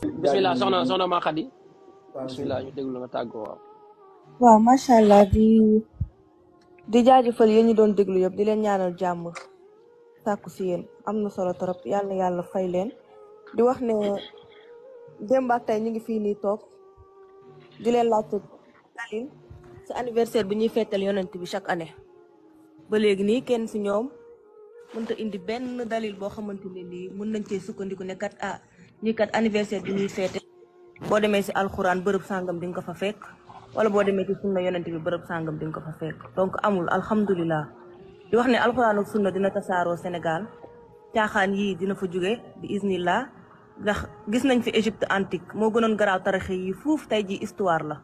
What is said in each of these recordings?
bismillah soxna soxna ma xadi bismillah ñu déglu nga tàggoo waaw macha allah di di jaajëfal yéen ñu doon déglu yëpp di leen ñaanal jàmm sàkku si yéen am na solo trop yàlla yàlla fay leen di wax ne démb ak tey ñu ngi fii nii toog di leen laajte dalil si anniversaire bi ñuy fettal yonent bi chaque année ba léegi nii kenn si ñoom mënta indi benn dalil boo xamante ne nii mën nañ cee sukkandiku ne kat ah ñi kat anniversaire bi ñuy féete bo démé ci alcorane bërëb sangam di nga ko fa fekk wala bo démé ci sunna yonent bi bërëb sàngam di nga ko fa fekk donc amul alhamdulilah di wax né alcorane ak sunna dina tassaro Sénégal tiaxan yi dina fa juggé bi iznillah ndax gis nañ fi Égypte antique mo gënon graw taraxe yi fouf tay ji histoire la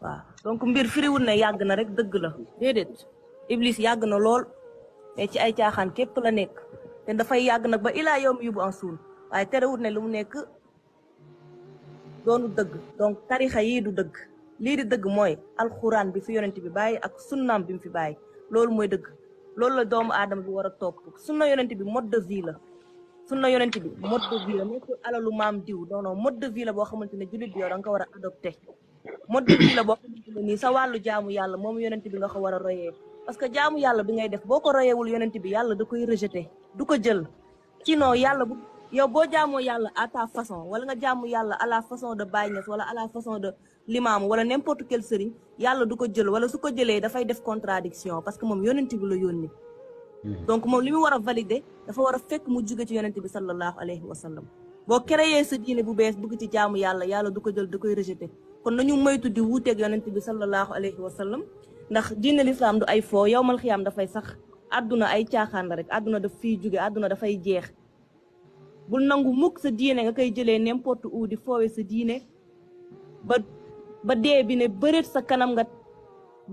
wa donc mbir firiwul né yag na rek dëgg la déedéet iblis yag na lool mais ci ay tiaxan képp la té da fay yag nak ba ila yowm yubu ansul waaye terewut ne lu mu nekk doonu dëgg donc tarixa yii du dëgg lii di dëgg mooy alxuraan bi fi yonent bi bàyyi ak sunnaam bi mu fi bàyyi loolu mooy dëgg loolu la doomu aadama bi war a topp sunna yonent bi mode de la sunna yonent bi mode de vie maam diw non non mode la boo xamante ne jullit bi yow da nga ko war a adopté mode de vie la boo xamante nii sa wàllu jaamu yàlla moom yonent bi nga ko war a royee parce que jaamu yàlla bi ngay def boo ko royewul yonent bi yàlla da koy rejeté du ko jël sinon yow boo jaamoo yàlla à ta façon wala nga à la façon de Baye à la façon de l'imam wala n'importe quel sëriñ yàlla du ko jël wala su ko jëlee dafay def contradiction parce que moom yonent bi la yónni mhm. donc moom li mu war a valider dafa war a fekk mu jóge ci yonent bi alayhi wa sallam boo créé sa diine bu bees ci jaamu yàlla yàlla du ko jël rejeté kon nañu moytu di wuuteeg yonent bi sallallahu alayhi wa sallam ndax diine l'islam du ay foo yow mal xiyaam dafay sax àdduna ay de la rek daf fiy jóge de dafay bu nangu mukk sa diine nga koy jëlee n'importe où di foowe sa diine ba ba dee bi ne bëreet sa kanam nga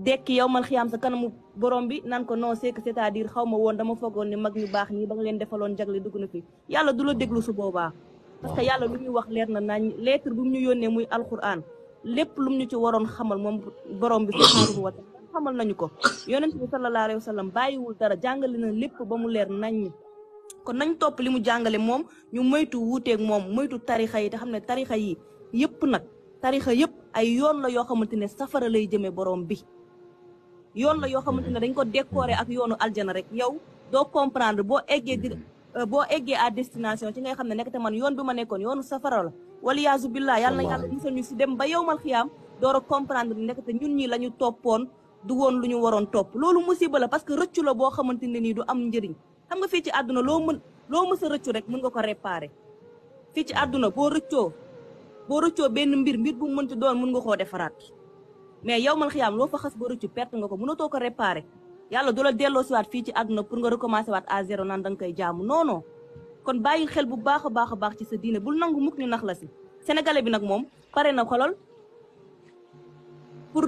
dekki yow man xiyaam sa kanamu borom bi nan ko non c'est que c'est-à-dire xaw ma woon dama foogoon ne mag ñu baax ñii ba nga leen defaloon jagle dugg na fi yàlla du la déglu su boobaa parce yàlla lu muy wax leer na nañ lettre bu mu ñu yónnee muy alquran lépp lu mu ñu ci waroon xamal moom borom bi subhanahu wa taala xamal nañu ko yonent bi sallallahu alayhi wa bàyyiwul dara jàngale na lépp ba mu leer nañ kon nañu topp li mu jàngale moom ñu moytu wuuteeg moom moytu tarixa yi te xam ne tarixa yi yëpp nag tarixa yëpp ay yoon la yoo xamante ne safara lay jëmee boroom bi yoon la yoo xamante ne dañ ko décorer ak yoonu aljana rek yow doo comprendre boo eggee di euh, boo eggee à destination ci ngay xam ne nekk man yoon bi ma nekkoon yoonu safara la waliyaasu billaa yàlla na yàlla musal ñu si dem ba yowmal xiyaam door a comprendre nekk te ñun ñi la ñu toppoon du woon lu ñu waroon topp loolu musiba la parce que rëccu la boo xamante ne nii du am njëriñ xam nga fii ci àdduna loo mën loo mës rëccu rek mën nga ko réparer fii ci àdduna boo rëccoo boo rëccoo benn mbir mbir bu mën mënti doon mën nga koo defaraat mais yow mal xiyaam loo fa xas boo rëccu perte nga ko a mënatoo ko réparer yàlla du la delloo si waat fii ci àdduna pour nga recommencer waat à zéro naan da nga koy jaamu noonoo kon bàyyi xel bu baax a baax a baax ci sa diine bul nangu mukk ñu nax la si sénégalais bi nag moom pare na xolol pour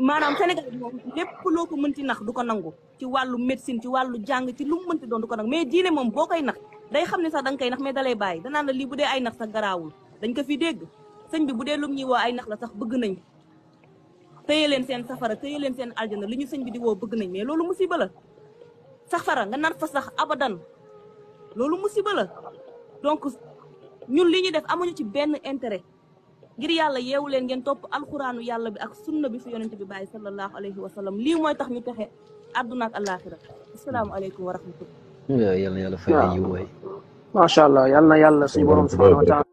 manam senegal bi moom lépp loo ko mënti nax duko nangou ci walu medicine ci walu jang ci lu mu mënti doon du ko mais diine mom bokay nax day xam sax dang kay nax mais dalay bàyyi dana na li budé ay nax sa grawul dañ ko fi dégg señ bi budé dee lum ñuy woo ay nax la sax bëgg nañ tëye leen seen safara tëye leen seen aljana li ñu señ bi di wo bëgg nañ mais lolu musiba la safara nga nar fa sax abadan lolu musiba la donc ñun li ñi def amuñu ci ben intérêt ngir yàlla yeewu leen ngeen topp alxuraanu yàlla bi ak sunna bi fi yonente bi bàyyi sallallahu alayhi wa sallam lii mooy tax ñu texe àdduna ak àllaaxira asalaamaaleykum wa rahmatullah yàlla yàlla fay yiw waay macha allah yàlla na yàlla suñu borom subhanahu wa taala